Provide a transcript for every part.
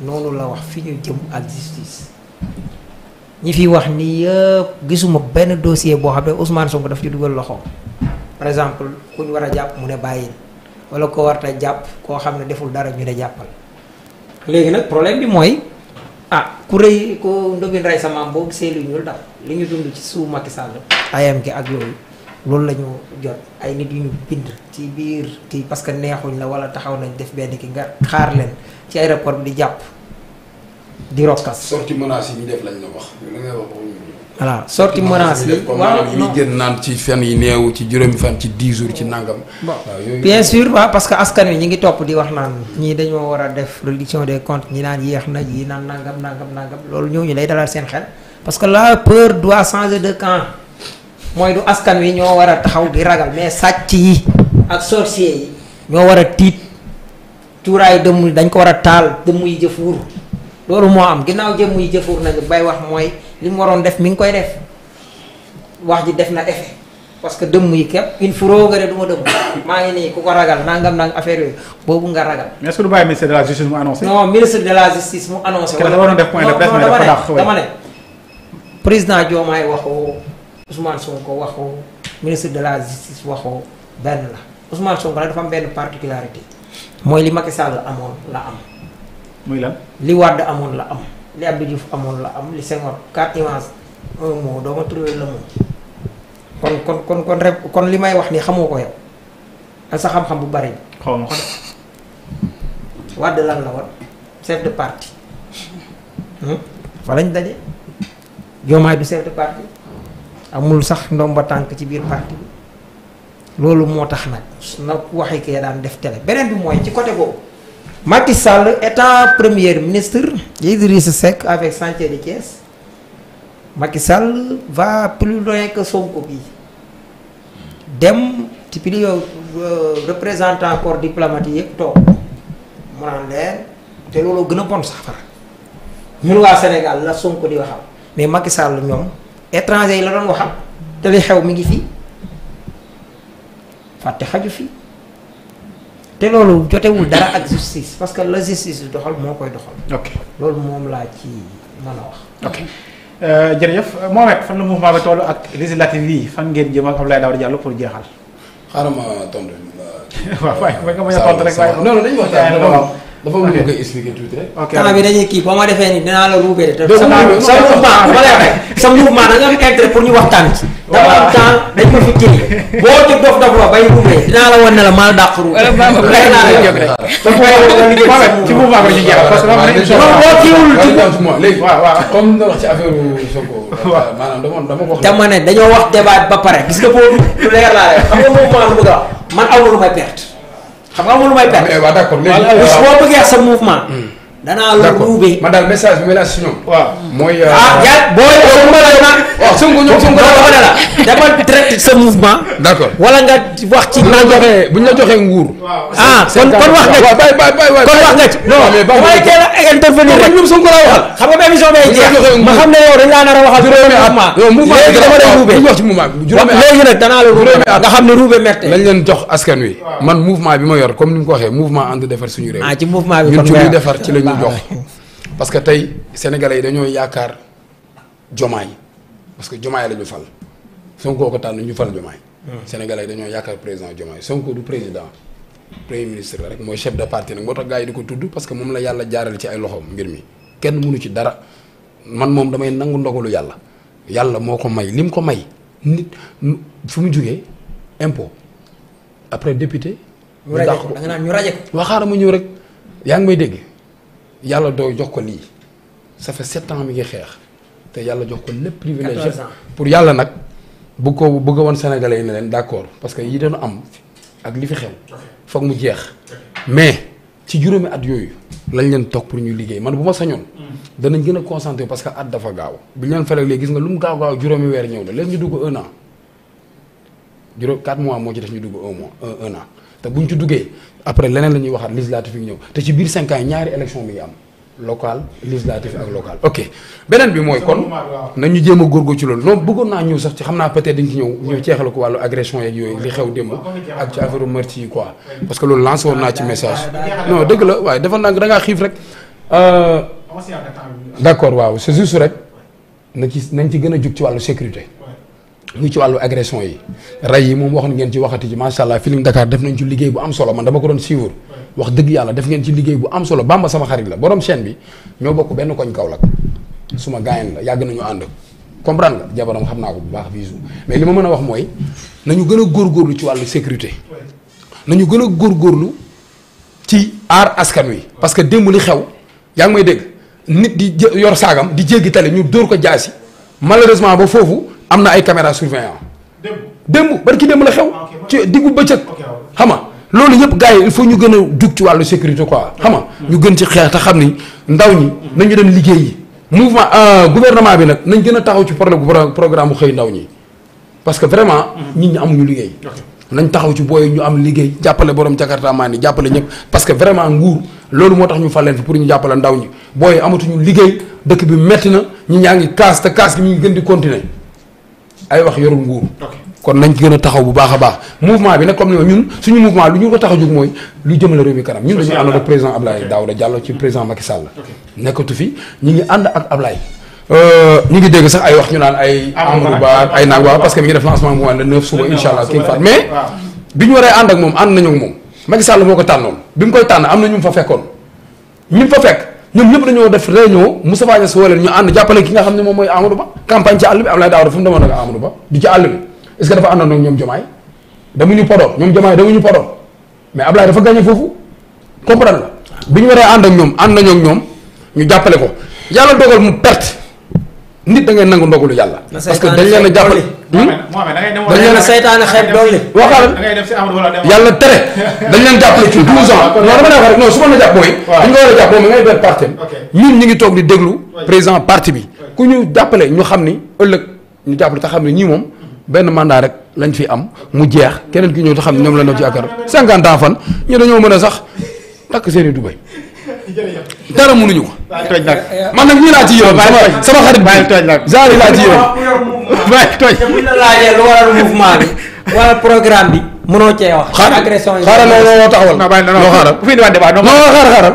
noonu la wax fi ñu jëm ak justice ñi fi wax ni yëpp gisuma benn dossier boo xam ne Ousmane Sonko daf ci dugal loxo par exemple ku war a jàpp mu ne bàyyi wala ko war jàpp koo xam ne deful dara ñu ne jàppal léegi nag problème bi mooy ah ku rëy ku ndobin rey sa maam boo gisee lu ñuul daal li ñu dund ci suuf Macky Sall ayam gi ak yooyu loolu la ñu jot ay nit yu ñu bind ci biir kii parce que neexuñ la wala taxaw nañ def benn ki nga xaar leen ci aéroport bi di jàpp di rokkas. sorti menace yi ñu def lañ la wax. li wax voilà sorti menace yi. waaw non yi naan ci fan yi néew ci juróomi fan ci 10 jours ci nangam. bon bien sûr waaw parce que askan wi ñu ngi topp di wax naan. ñii dañoo war a def réduction des comptes ñi naan yéex na yi naan nangam nangam nangam loolu ñooñu lay dalal seen xel parce que la doit changer de mooy du askan wi ñoo war a taxaw di ragal mais sàcc yi ak sorcier yi ñoo war a tiit cuuraay dëmm dañ ko war a taal dëmm yi jëfuur loolu moo am ginnaaw jëmm yi jëfuur nag bay wax mooy li mu waroon def mi ngi koy def wax ji def na effet parce que dëmm yi képp il faut que maa ngi nii ku ko ragal nangam nag affaire yooyu boobu nga ragal. mais est-ce que du bàyyi ministre de la justice mu annoncé. non ministre de la justice mu annoncé. wala dama ne dama ne président Diomaye waxoo. Ousmane Sonko waxoo ministre de la justice waxoo benn la Ousmane Sonko la dafa am benn particularité mooy li Macky Sall amoon la am. muy lan li Wade amoon la am li Abdou Diouf amoon la am li Senghor quatre images un mot doo ma trouver le kon kon kon kon rek kon li may wax nii xamoo ko yow ak sa xam-xam bu bari bi. xaw ma ko de. Wade la woon chef de parti. Hmm? fa lañ daje. Diomaye du chef de parti. amul sax ndomba tànk ci biir parti loolu moo tax nag na waxi kee daan def télé beneen bi mooy ci côté boobu Macky Sall étant premier ministre Idrissa Seck avec Santé de Thiès Macky Sall va plus loin que Sonko bi dem ci pili yow euh, représentant corps diplomatique yëpp toog mu naan leen te loolu gën a bon sax fara ñun Sénégal la Sonko di waxal mais Macky Sall ñoom étranger yi la doon waxal te li xew mi ngi fii fàtte xaju fii te loolu jotewul dara ak justice parce que la justice doxal moo koy doxal. ok loolu moom laa ci mën a wax. ok euh, jërëjëf Mohamed fan la mouvement bi toll ak législative yi fan ngeen jëm ak Abdoulaye Daouda Diallo pour jeexal. xaaral ma tontu. waaw waay nga ma tontu rek waaye. non non dañuy waxtaan dafa am lu koy expliquer tuuti rek. ok bi dañuy kii boo ma defee nii dinaa la ruubee de. dëgg la dëgg sa mouvement ma lay waxee sa mouvement da pour ñu waxtaan ci. waaw dama am temps dañ ma fi jëlee. boo jóg dof affaire Sonko. waaw maanaam dama dama ko wax. dama ne dañoo wax débat ba pare gis nga boobu lu leer laa lay xam nga mouvement lu bëgg a man aw lu may perte xam nga amul lu may perte. Eh, waaw d'accord léegi su ma bëggee sa mouvement. Hmm. danaa la ruubee daal message bi may laaj si ñoom. waaw mooy. ah yàlla boo yore la ma. wala nga ci. bu ñu la joxee bu la joxee nguur. Ah, kon wax nga ci. waaw bay bay bay bay kon wax a intervenir rek ñoom Sonko laa waxal. xam nga émission bay jeex ma xam ne yow dañ laa nar a waxal. juróomi at ma léegi dama lay ruubee léegi wax ci bi juróomi at léegi nag danaa la ruubee nga xam ne ruubee mette. lañ ma yor comme ni ah, defar ci mouvement ñu jox parce que tey sénégalais yi dañoo yaakaar jomaay parce que jomaay la ñu fal Sonko ko tànn ñu fal jomaay. Hmm. sénégalais yi dañoo yaakaar président jomaay Sonko du président premier ministre la rek mooy chef de parti nag moo tax gars ko tudd parce que moom la yàlla jaaral ci ay loxoom mbir mi kenn mënu ci dara man moom damay nangu ndogalu yàlla yàlla moo ko may lim ko may nit fu mu jugee impôt après député. ñu raje ko da ma ñëw rek yaa ngi may dégg. yàlla doo jox ko lii ça fait sept ans mi ngi xeex te yàlla jox ko lépp privilégié pour yàlla nag bu ko bëgg woon sénégalais yi ne leen d'accord parce que yi doon am ak li fi xew foog mu jeex mais ci juróomi at yooyu lañ leen toog pour ñu liggéey man bu ma sañoon mm. danañ gën a concentré parce que at dafa gaaw bi ñu leen falee léegi gis nga lu mu gaaw gaaw juróomi weer ñëw la leen ñu dugg un juróom 4 mois moo ci def ñu dugg un mois un an te buñ ci duggee après leneen la ñuy waxaat législatif yi ñëw te ci biir 5 ans yi ñaari élection mi ngi am local législatif ak local ok beneen bi mooy kon nañu jéem a góorgóorlu ci loolu non bëggoon naa ñëw sax ci xam naa peut-être ci ñëw ñëw ceexal ko wàllu agression yeeg yooyu li xew démb ak ci affaire meurtre yi quoi parce que loolu lancé woon naa ci message non dëgg la waaye dafa ndànk da ngaa xiif rek euh, waaw c'est rek na ci nañ ci gën a jug ci wàllu sécurité ñu ci wàllu agression yi rey yi moom wax ngeen ci waxati ci macha allah Feeling Dakar def nañ ci liggéey bu am solo man dama ko doon suivre wax dëgg yàlla def ngeen ci liggéey bu am solo Bamba sama xarit la borom chaîne bi ñoo bokk benn koñ Kaolack suma gaayan la yàgg nañu ànd comprendre nga jabaram xam naa ko bu baax visu mais li ma mën a wax mooy nañu gën góor góorlu ci wàllu sécurité nañu gën a góorlu ci aar askan wi parce que démb xew yaa ngi may dégg nit di yor saagam di jéggi ñu dóor ko jaasi malheureusement ba foofu am na ay caméra surveillant démb barki démb la xew ah, ci diggu bëccëg xam nga loolu yëpp gars yi il faut ñu gën a jug ci wàllu sécurité quoi xam nga ñu gën ci xeex te xam ni ndaw ñi nañu dem liggéey yi mouvement euh, gouvernement bi nag nañ gën a taxaw ci problème programme bu xëy ndaw ñi parce que vraiment mm-hmm. nit ñi amuñu liggéey nañ taxaw ci booy ñu am liggéey jàppale borom jakarta maa ni jàppale ñëpp parce que vraiment nguur loolu moo tax ñu fal pour ñu jàppale ndaw ñi booy amatuñu liggéey dëkk bi metti na ñi ñaa ngi kaas te kaas gi mi ngi gën di continuer ay wax yorul nguur. kon nañ ci gën a taxaw bu baax a baax mouvement bi nag comme ni ma ñun suñu ñu ko tax a jóg mooy lu jëmale réew mi kanam ñun dañu àndoon ak président Ablaye Daouda Diallo ci président Macky Sall. nekkatu fi ñu ngi ànd ak Ablaye. Euh, ñu ngi dégg sax ay wax ñu naan ay. Ah, Amadou Ba ay naag waaw parce que mi ngi def lancement mouvement le 9 suba incha allah kii faat mais bi ñu waree ànd ak moom ànd nañu ak moom Macky Sall moo ko tànnoon bi mu koy tànn am na ñu mu fa fekkoon ñu mu fa fekk ñoom ñëpp dañoo def réunion Moustapha Niasse woo leen ñu ànd jàppale ki nga xam ne moom mooy Amadou Ba campagne ci àll bi Abdoulaye Daouda fu mu demoon ak Amadou Ba di ci àll bi est que dafa àndoon ak ñoom Diomaye damuñu Podor ñoom Diomaye damuñu Podor mais Abdoulaye dafa gagné foofu comprendre bi ñu waree ànd ak ñoom ànd nañoo ak ñoom ñu jàppale ko yàlla dogal mu perte nit da ngay nangu ndogalu yàlla. parce que dañ leen a jàppale. Hmm? moom dañ leen a saytaane xeeb dolli. yàlla tere dañ leen jàppale ci 12 ans non dama ne wax rek su ma la jàpp mooy. dañ ko war a jàpp moom ngay benn parti am. ñun ñu ngi toog di déglu président parti bi. ku ñu jàppale ñu xam ni ëllëg ñu jàppale te xam ne ñii moom benn mandat rek lañ fi am mu jeex keneen ki ñëw te xam ne ñoom la ñu ci àkkar 50 ans fan ñu dañoo mën a sax takk seen i dara mënuñu ko. toj nag man nag ñii laa ci yoon. sama xarit bàyyi toj nag genre laa ci yoon. bàyyi toj te buñ la lu waral bi wala programme cee wax. xaaral xaaral looloo taxawal. non bàyyi non xaaral bu fi indiwaat débat non xaaral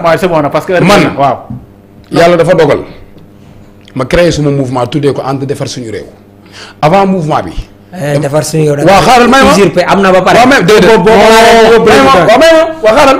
xaaral. man yàlla dafa dogal ma créé suma mouvement tuddee ko ànd defar suñu réew avant mouvement bi. Eh, defar suñu réew. waaw xaaral may ma usurpé may ma waaw xaaral.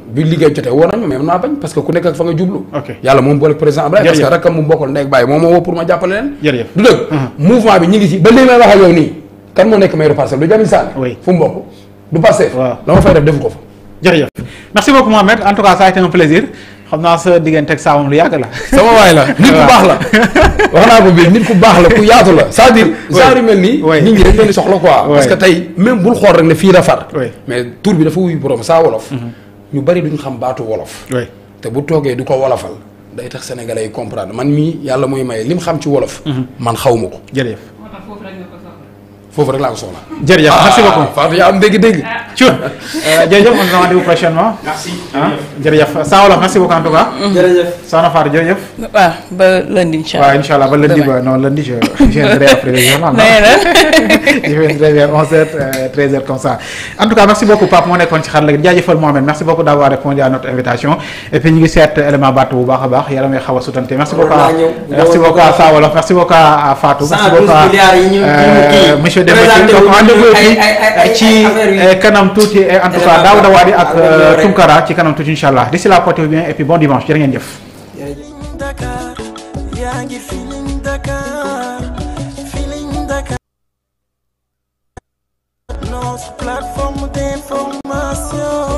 bi liggéey jotee woo ma mais naa bañ parce que ku nekk ak fa nga jublu yàlla moom boole président Abdoulaye parce que rakkam mu bokkal ndey ak bàyyi moom moo ma jàppale leen du dëgg mhm. mouvement bi ñu ngi ci ba léegi may wax ak yow nii kan moo nekk maire Parcelles du Jamil Sane fu mu du Pastef la ma fay def defu ko fa jërëjëf merci beaucoup Mohamed en a sa diggante ak saamam lu yàgg la tour bi dafa wuyu borom saa wolof mhm. ñu bari duñ xam baatu wolof. te bu toogee du ko wolofal day tax sénégalais yi comprendre man mii yàlla mooy maye lim xam ci wolof. Mhm. man xaw ma ko jërëjëf. foofu rek laa ko soxla. jërëjëf merci ah, beaucoup Fatou yaa am dégg-dégg. cuut euh, jërëjëf on se rendez-vous prochainement. merci jërëjëf ah Saa Wolof merci beaucoup en tout cas. jërëjëf Soxna Fatou jërëjëf. waaw ba lundi incha allah waaw incha allah ba lundi ba non lundi je viendrai après le journal. je viendrai vers 11h euh, 13h comme ça. en tout cas merci beaucoup Pape moo nekkoon ci xarala gi jaajëfal Mohamed merci beaucoup d'avoir répondu à notre invitation et puis ñu ngi seet élément battu bu baax a baax yaram xaw a sutante. merci beaucoup merci beaucoup à Saa Wolof merci beaucoup à Fatou. merci beaucoup à euh, monsieur monsieur Demba Tine donc rendez ci kanam tuuti en tout cas Daouda Wade ak Tounkara ci kanam tuuti incha allah d'ici là portez-vous bien et bon dimanche jërë jëf.